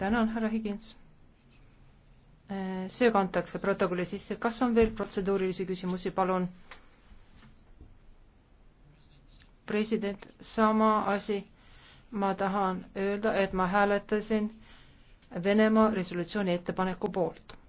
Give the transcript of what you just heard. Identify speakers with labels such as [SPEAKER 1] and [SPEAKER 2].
[SPEAKER 1] tänan, härra Higins. Äh, see kantakse protokolli sisse, kas on veel protseduurilisi küsimusi, palun? president, sama asi. ma tahan öelda, et ma hääletasin Venemaa resolutsiooni ettepaneku poolt